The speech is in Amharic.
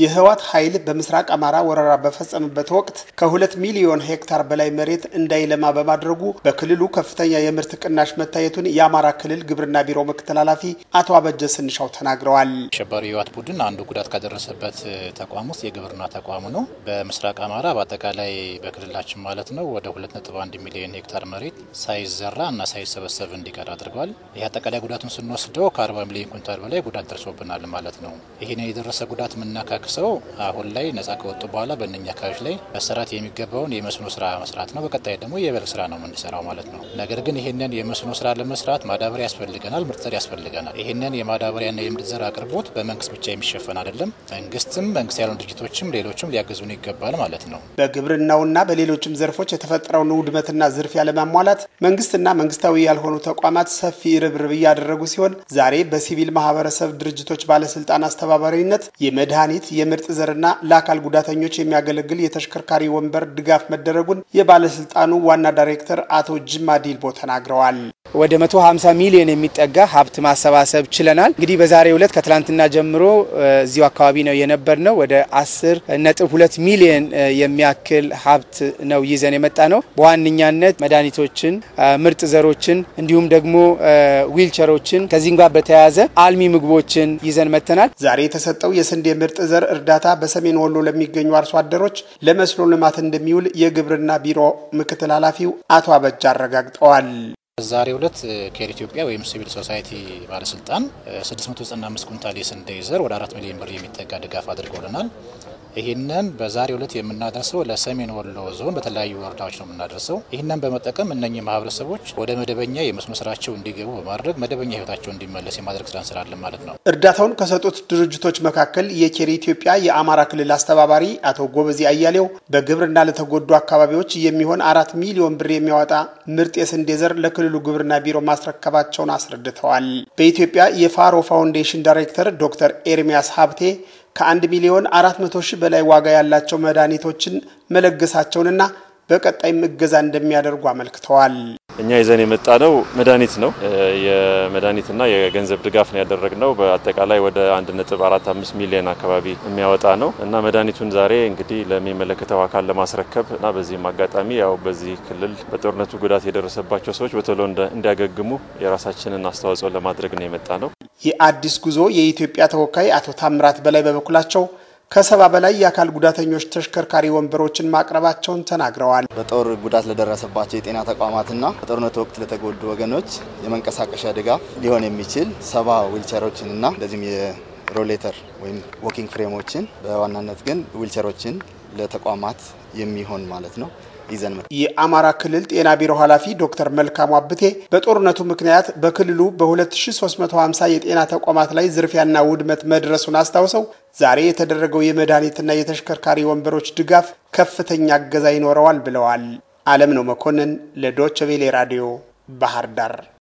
የህወሓት ኃይል በምስራቅ አማራ ወረራ በፈጸመበት ወቅት ከሁለት ሚሊዮን ሄክታር በላይ መሬት እንዳይለማ በማድረጉ በክልሉ ከፍተኛ የምርት ቅናሽ መታየቱን የአማራ ክልል ግብርና ቢሮ ምክትል ኃላፊ አቶ አበጀ ስንሻው ተናግረዋል። አሸባሪ የህወሓት ቡድን አንዱ ጉዳት ካደረሰበት ተቋም ውስጥ የግብርና ተቋሙ ነው። በምስራቅ አማራ በአጠቃላይ በክልላችን ማለት ነው ወደ 2.1 ሚሊዮን ሄክታር መሬት ሳይዘራ እና ሳይሰበሰብ እንዲቀር አድርጓል። ይህ አጠቃላይ ጉዳቱን ስንወስደው ከ40 ሚሊዮን ኩንታል በላይ ጉዳት ደርሶብናል ማለት ነው። ይህን የደረሰ ጉዳት ምናካ ጠቅሰው አሁን ላይ ነጻ ከወጡ በኋላ በእነኛ አካባቢዎች ላይ መሰራት የሚገባውን የመስኖ ስራ መስራት ነው። በቀጣይ ደግሞ የበልግ ስራ ነው የምንሰራው ማለት ነው። ነገር ግን ይህንን የመስኖ ስራ ለመስራት ማዳበሪያ ያስፈልገናል፣ ምርጥ ዘር ያስፈልገናል። ይህንን የማዳበሪያና የምርጥ ዘር አቅርቦት በመንግስት ብቻ የሚሸፈን አይደለም። መንግስትም መንግስት ያልሆኑ ድርጅቶችም ሌሎችም ሊያገዙን ይገባል ማለት ነው። በግብርናውና በሌሎችም ዘርፎች የተፈጠረውን ውድመትና ዝርፊያ ለማሟላት መንግስትና መንግስታዊ ያልሆኑ ተቋማት ሰፊ ርብርብ እያደረጉ ሲሆን ዛሬ በሲቪል ማህበረሰብ ድርጅቶች ባለስልጣን አስተባባሪነት የመድኃኒት የምርጥ ዘርና ለአካል ጉዳተኞች የሚያገለግል የተሽከርካሪ ወንበር ድጋፍ መደረጉን የባለስልጣኑ ዋና ዳይሬክተር አቶ ጅማ ዲልቦ ተናግረዋል። ወደ 150 ሚሊዮን የሚጠጋ ሀብት ማሰባሰብ ችለናል። እንግዲህ በዛሬው ዕለት ከትላንትና ጀምሮ እዚሁ አካባቢ ነው የነበር ነው። ወደ 10 ነጥብ 2 ሚሊዮን የሚያክል ሀብት ነው ይዘን የመጣ ነው። በዋነኛነት መድኃኒቶችን፣ ምርጥ ዘሮችን እንዲሁም ደግሞ ዊልቸሮችን ከዚህም ጋር በተያያዘ አልሚ ምግቦችን ይዘን መጥተናል። ዛሬ የተሰጠው የስንዴ ምርጥ ዘር በመተግበር እርዳታ በሰሜን ወሎ ለሚገኙ አርሶ አደሮች ለመስኖ ልማት እንደሚውል የግብርና ቢሮ ምክትል ኃላፊው አቶ አበጃ አረጋግጠዋል። በዛሬው ዕለት ኬር ኢትዮጵያ ወይም ሲቪል ሶሳይቲ ባለስልጣን 695 ኩንታል የስንዴ ዘር ወደ 4 ሚሊዮን ብር የሚጠጋ ድጋፍ አድርገውልናል። ይህንን በዛሬው ዕለት የምናደርሰው ለሰሜን ወሎ ዞን በተለያዩ ወረዳዎች ነው የምናደርሰው። ይህንን በመጠቀም እነኚህ ማህበረሰቦች ወደ መደበኛ የመስኖ ስራቸው እንዲገቡ በማድረግ መደበኛ ህይወታቸው እንዲመለስ የማድረግ ስራ እንሰራለን ማለት ነው። እርዳታውን ከሰጡት ድርጅቶች መካከል የኬር ኢትዮጵያ የአማራ ክልል አስተባባሪ አቶ ጎበዚ አያሌው በግብርና ለተጎዱ አካባቢዎች የሚሆን አራት ሚሊዮን ብር የሚያወጣ ምርጥ የስንዴ ዘር ለክ ለክልሉ ግብርና ቢሮ ማስረከባቸውን አስረድተዋል። በኢትዮጵያ የፋሮ ፋውንዴሽን ዳይሬክተር ዶክተር ኤርሚያስ ሀብቴ ከአንድ ሚሊዮን አራት መቶ ሺህ በላይ ዋጋ ያላቸው መድኃኒቶችን መለገሳቸውንና በቀጣይም እገዛ እንደሚያደርጉ አመልክተዋል። እኛ ይዘን የመጣ ነው መድኃኒት ነው። የመድኃኒትና የገንዘብ ድጋፍ ነው ያደረግነው። በአጠቃላይ ወደ 1.45 ሚሊዮን አካባቢ የሚያወጣ ነው እና መድኃኒቱን ዛሬ እንግዲህ ለሚመለከተው አካል ለማስረከብ እና በዚህም አጋጣሚ ያው በዚህ ክልል በጦርነቱ ጉዳት የደረሰባቸው ሰዎች በቶሎ እንዲያገግሙ የራሳችንን አስተዋጽኦ ለማድረግ ነው የመጣ ነው። የአዲስ ጉዞ የኢትዮጵያ ተወካይ አቶ ታምራት በላይ በበኩላቸው ከሰባ በላይ የአካል ጉዳተኞች ተሽከርካሪ ወንበሮችን ማቅረባቸውን ተናግረዋል። በጦር ጉዳት ለደረሰባቸው የጤና ተቋማትና በጦርነት ወቅት ለተጎዱ ወገኖች የመንቀሳቀሻ ድጋፍ ሊሆን የሚችል ሰባ ዊልቸሮችንና እንደዚሁም የሮሌተር ወይም ዎኪንግ ፍሬሞችን በዋናነት ግን ዊልቸሮችን ለተቋማት የሚሆን ማለት ነው ይዘን የአማራ ክልል ጤና ቢሮ ኃላፊ ዶክተር መልካሙ አብቴ በጦርነቱ ምክንያት በክልሉ በ2350 የጤና ተቋማት ላይ ዝርፊያና ውድመት መድረሱን አስታውሰው ዛሬ የተደረገው የመድኃኒትና የተሽከርካሪ ወንበሮች ድጋፍ ከፍተኛ እገዛ ይኖረዋል ብለዋል። አለም ነው መኮንን ለዶቸ ራዲዮ ባህር ዳር